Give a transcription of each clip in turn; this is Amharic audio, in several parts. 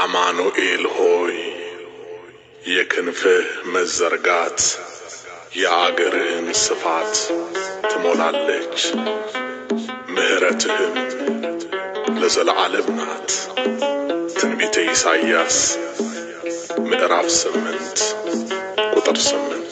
አማኑኤል ሆይ የክንፍህ መዘርጋት የአገርህን ስፋት ትሞላለች። ምሕረትህም ለዘለዓለም ናት። ትንቢተ ኢሳይያስ ምዕራፍ ስምንት ቁጥር ስምንት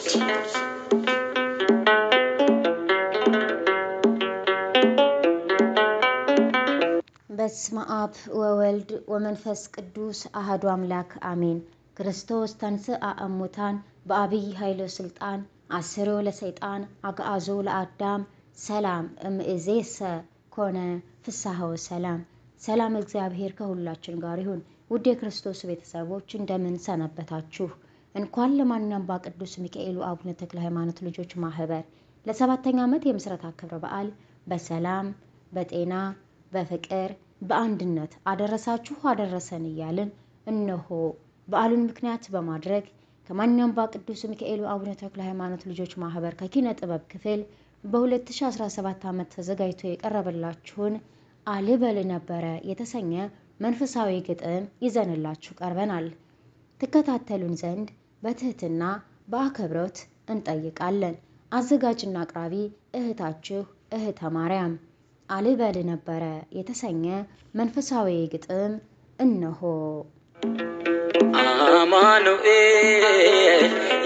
በስመ አብ ወወልድ ወመንፈስ ቅዱስ አህዱ አምላክ አሜን። ክርስቶስ ተንሥአ እሙታን በአብይ ኃይለ ስልጣን አስሮ ለሰይጣን አግዓዞ ለአዳም ሰላም እምእዜሰ ኮነ ፍስሐው ሰላም። ሰላም እግዚአብሔር ከሁላችን ጋር ይሁን። ውድ የክርስቶስ ቤተሰቦች እንደምን ሰነበታችሁ? እንኳን ለማናምባ ቅዱስ ሚካኤሉ አቡነ ተክለ ሃይማኖት ልጆች ማህበር ለሰባተኛ ዓመት የምስረታ ክብረ በዓል በሰላም በጤና በፍቅር በአንድነት አደረሳችሁ አደረሰን እያልን እነሆ በዓሉን ምክንያት በማድረግ ከማንኛውም ቅዱስ ሚካኤል አቡነ ተክለ ሃይማኖት ልጆች ማህበር ከኪነ ጥበብ ክፍል በ2017 ዓመት ተዘጋጅቶ የቀረበላችሁን አልበል ነበረ የተሰኘ መንፈሳዊ ግጥም ይዘንላችሁ ቀርበናል። ትከታተሉን ዘንድ በትህትና በአክብሮት እንጠይቃለን። አዘጋጅና አቅራቢ እህታችሁ እህተ ማርያም አልበል ነበረ የተሰኘ መንፈሳዊ ግጥም እነሆ። አማኑኤል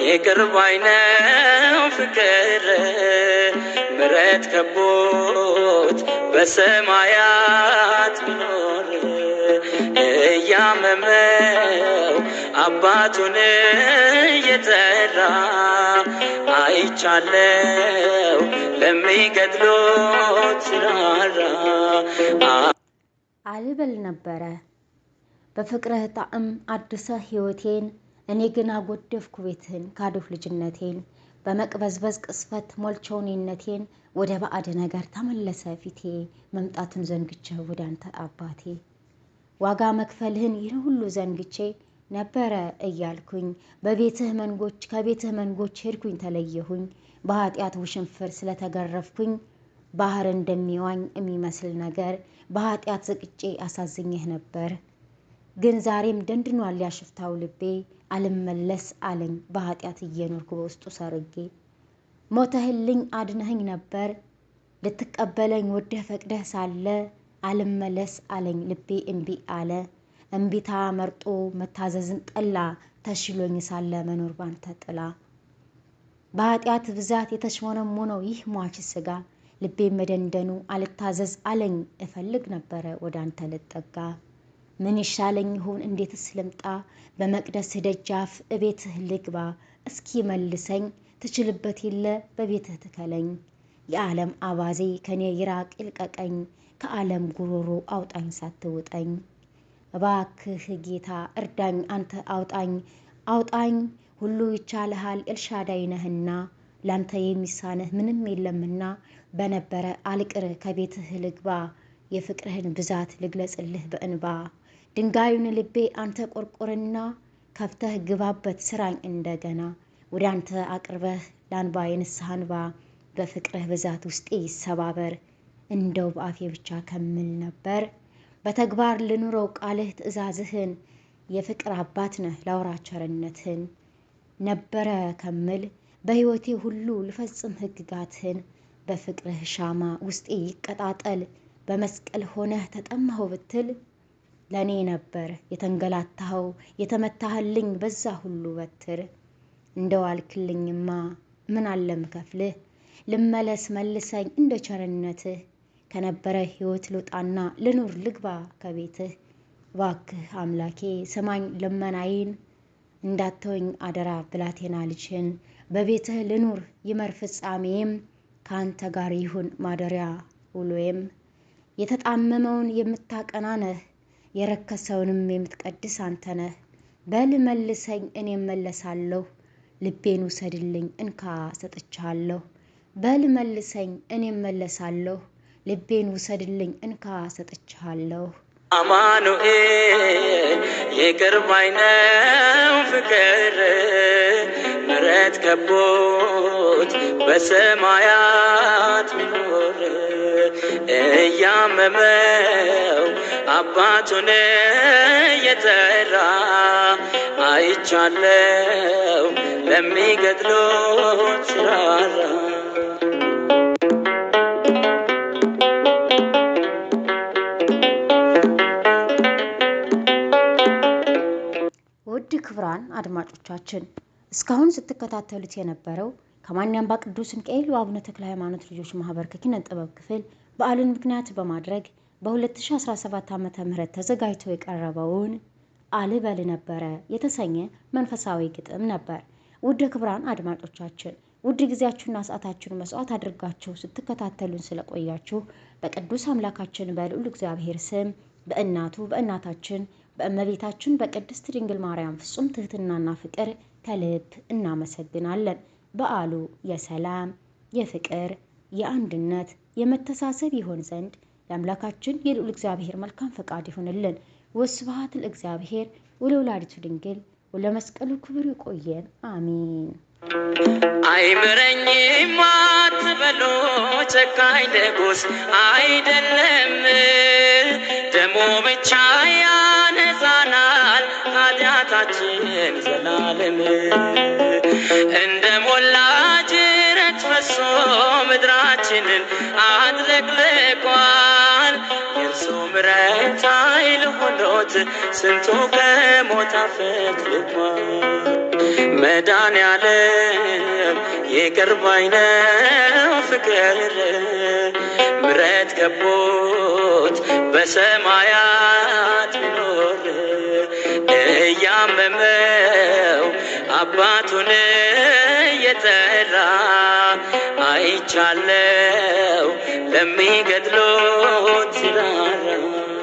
የቅርብ አይነው ፍቅር ምረት ከቦት በሰማያት ቢኖር እያመመው አባቱን እየጠራ አይቻለው ለሚገድሎት ሲራራ አልበል ነበረ በፍቅርህ ጣዕም አድሰ ህይወቴን እኔ ግን አጎደፍኩ ቤትህን ካዶፍ ልጅነቴን በመቅበዝበዝ ቅስፈት ሞልቸውኔነቴን ወደ ባዕድ ነገር ተመለሰ ፊቴ መምጣቱን ወደ ወዳንተ አባቴ ዋጋ መክፈልህን ይህን ሁሉ ዘንግቼ ነበረ እያልኩኝ በቤትህ መንጎች ከቤትህ መንጎች ሄድኩኝ ተለየሁኝ። በኃጢአት ውሽንፍር ስለተገረፍኩኝ ባህር እንደሚዋኝ የሚመስል ነገር በኃጢአት ዘቅጬ አሳዝኜህ ነበር። ግን ዛሬም ደንድኗል ያሽፍታው ልቤ አልመለስ አለኝ በኃጢአት እየኖርኩ በውስጡ ሰርጌ። ሞተህልኝ አድነህኝ ነበር ልትቀበለኝ ወደህ ፈቅደህ ሳለ አልመለስ አለኝ ልቤ እምቢ አለ። እምቢታ መርጦ መታዘዝን ጠላ ተሽሎኝ ሳለ መኖር ባንተ ጥላ። በኃጢአት ብዛት የተሽሞነሙ ነው ይህ ሟች ስጋ ልቤ መደንደኑ አልታዘዝ አለኝ እፈልግ ነበረ ወደ አንተ ልጠጋ። ምን ይሻለኝ ይሆን እንዴትስ ልምጣ? በመቅደስህ ደጃፍ እቤትህ ልግባ። እስኪ መልሰኝ ትችልበት የለ በቤትህ ትከለኝ። የዓለም አባዜ ከኔ ይራቅ ይልቀቀኝ፣ ከዓለም ጉሮሮ አውጣኝ ሳትውጠኝ። እባክህ ጌታ እርዳኝ፣ አንተ አውጣኝ አውጣኝ፣ ሁሉ ይቻልሃል ኤልሻዳይ ነህና፣ ላንተ የሚሳንህ ምንም የለምና። በነበረ አልቅር ከቤትህ ልግባ፣ የፍቅርህን ብዛት ልግለጽልህ በእንባ። ድንጋዩን ልቤ አንተ ቆርቆርና፣ ከፍተህ ግባበት ስራኝ እንደገና፣ ወደ አንተ አቅርበህ ላንባ የንስሐ እንባ በፍቅርህ ብዛት ውስጤ ይሰባበር እንደው በአፌ ብቻ ከምል ነበር። በተግባር ልኑረው ቃልህ ትእዛዝህን የፍቅር አባት ነህ ላውራ ቸርነትህን ነበረ ከምል በሕይወቴ ሁሉ ልፈጽም ሕግጋትህን በፍቅርህ ሻማ ውስጤ ይቀጣጠል በመስቀል ሆነህ ተጠማሁ ብትል ለእኔ ነበር የተንገላታኸው የተመታህልኝ በዛ ሁሉ በትር እንደዋልክልኝማ ምን ከፍልህ ልመለስ መልሰኝ እንደ ቸርነትህ ከነበረ ህይወት ልውጣና ልኑር ልግባ ከቤትህ። እባክህ አምላኬ ስማኝ ልመናይን እንዳተወኝ አደራ ብላቴና ልጅህን በቤትህ ልኑር ይመር ፍጻሜዬም ከአንተ ጋር ይሁን ማደሪያ ውሎዬም። የተጣመመውን የምታቀናነህ የረከሰውንም የምትቀድስ አንተነህ በል መልሰኝ እኔም መለሳለሁ፣ ልቤን ውሰድልኝ እንካ ሰጥቻለሁ። በል መልሰኝ፣ እኔ መለሳለሁ። ልቤን ውሰድልኝ፣ እንካ ሰጥቻለሁ። አማኑኤል ይቅር ባይ ነው ፍቅር ምረት ከቦት በሰማያት ሚኖር እያመመው አባቱን የጠራ አይቻለው ለሚገድሎት ስራራ ክቡራን አድማጮቻችን እስካሁን ስትከታተሉት የነበረው ከማን አምባ ቅዱስ ሚካኤል ተክለ ሃይማኖት ልጆች ማህበር ከኪነ ጥበብ ክፍል በዓሉን ምክንያት በማድረግ በ2017 ዓ ም ተዘጋጅቶ የቀረበውን አልበል ነበረ የተሰኘ መንፈሳዊ ግጥም ነበር። ውድ ክቡራን አድማጮቻችን ውድ ጊዜያችሁና ሰዓታችሁን መስዋዕት አድርጋችሁ ስትከታተሉን ስለቆያችሁ በቅዱስ አምላካችን በልዑል እግዚአብሔር ስም በእናቱ በእናታችን በእመቤታችን በቅድስት ድንግል ማርያም ፍጹም ትህትናና ፍቅር ከልብ እናመሰግናለን። በዓሉ የሰላም የፍቅር፣ የአንድነት፣ የመተሳሰብ ይሆን ዘንድ የአምላካችን የልዑል እግዚአብሔር መልካም ፈቃድ ይሆንልን። ወስብሐት ለእግዚአብሔር ወለወላዲቱ ድንግል ወለመስቀሉ ክብር። ይቆየን። አሚን። አይምረኝ ማትበሎ ጨካኝ ንጉሥ አይደለም፣ ደሞ ብቻ ያነጻናል ኃጢአታችን ዘላለም። እንደ ሞላ ጅረት ፈሶ ምድራችንን አጥለቅልቋል። ምረት ኃይል ሆኖት ስንቱ ከሞት አፈት ልቋል። መድኃኔዓለም ይቅር ባይ ነው ፍቅር ምረት ከቦት በሰማያት ቢኖር እያመመው አባቱን እየጠራ አይቻለው ለሚገድሎት ሲራራ